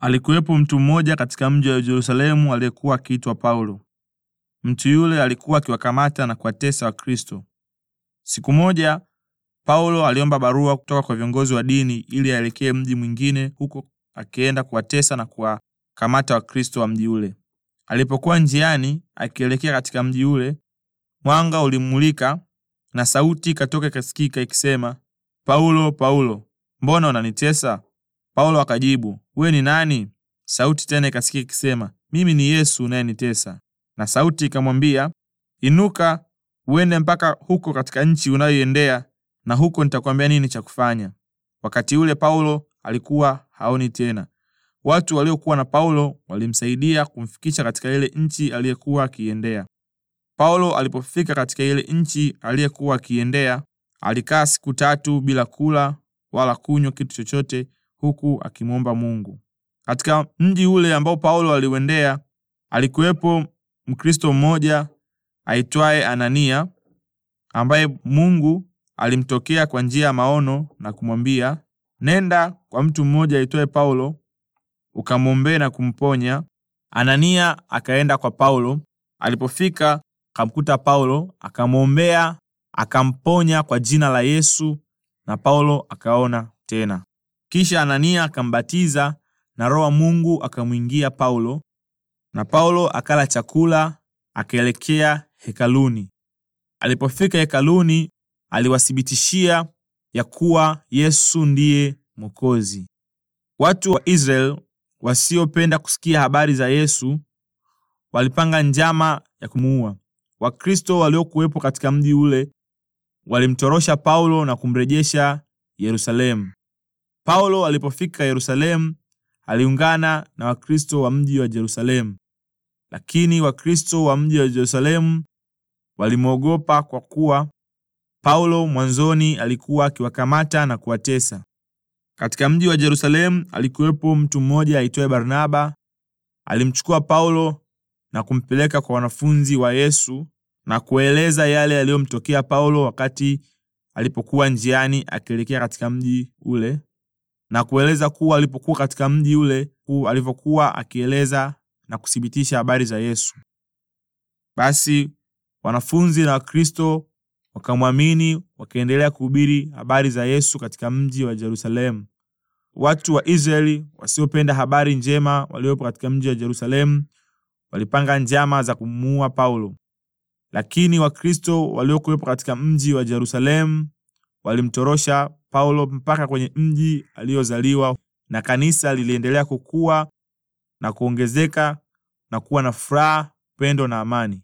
Alikuwepo mtu mmoja katika mji wa Yerusalemu aliyekuwa akiitwa Paulo. Mtu yule alikuwa akiwakamata na kuwatesa Wakristo. Siku moja Paulo aliomba barua kutoka kwa viongozi wa dini ili aelekee mji mwingine, huko akienda kuwatesa na kuwakamata Wakristo wa mji ule. Alipokuwa njiani akielekea katika mji ule, mwanga ulimulika na sauti ikatoka ikasikika ikisema, Paulo, Paulo, mbona unanitesa? Paulo akajibu, wewe ni nani? Sauti tena ikasikia ikisema, mimi ni Yesu unayenitesa. Na sauti ikamwambia, inuka uende mpaka huko katika nchi unayoendea na huko nitakwambia nini cha kufanya. Wakati ule Paulo alikuwa haoni tena. Watu waliokuwa na Paulo walimsaidia kumfikisha katika ile nchi aliyekuwa akiendea. Paulo alipofika katika ile nchi aliyekuwa akiendea, alikaa siku tatu bila kula wala kunywa kitu chochote, huku akimwomba Mungu. Katika mji ule ambao Paulo aliuendea, alikuwepo Mkristo mmoja aitwaye Anania ambaye Mungu alimtokea kwa njia ya maono na kumwambia, nenda kwa mtu mmoja aitwaye Paulo ukamwombee na kumponya. Anania akaenda kwa Paulo. Alipofika akamkuta Paulo, akamwombea, akamponya kwa jina la Yesu, na Paulo akaona tena. Kisha Anania akambatiza na Roho wa Mungu akamwingia Paulo, na Paulo akala chakula akaelekea hekaluni. Alipofika hekaluni, aliwathibitishia ya kuwa Yesu ndiye Mwokozi. Watu wa Israeli wasiopenda kusikia habari za Yesu walipanga njama ya kumuua. Wakristo waliokuwepo katika mji ule walimtorosha Paulo na kumrejesha Yerusalemu. Paulo alipofika Yerusalemu aliungana na Wakristo wa mji wa jerusalemu lakini Wakristo wa mji wa jerusalemu walimwogopa kwa kuwa Paulo mwanzoni alikuwa akiwakamata na kuwatesa. Katika mji wa jerusalemu alikuwepo mtu mmoja aitwaye Barnaba. Alimchukua Paulo na kumpeleka kwa wanafunzi wa Yesu na kueleza yale yaliyomtokea Paulo wakati alipokuwa njiani akielekea katika mji ule na kueleza kuwa alipokuwa katika mji ule huu alivyokuwa akieleza na kuthibitisha habari za Yesu. Basi wanafunzi na Wakristo wakamwamini, wakaendelea kuhubiri habari za Yesu katika mji wa Yerusalemu. Watu wa Israeli wasiopenda habari njema waliopo katika mji wa Yerusalemu walipanga njama za kumuua Paulo, lakini Wakristo waliokuwepo katika mji wa Yerusalemu walimtorosha Paulo mpaka kwenye mji aliyozaliwa, na kanisa liliendelea kukua na kuongezeka na kuwa na furaha, pendo na amani.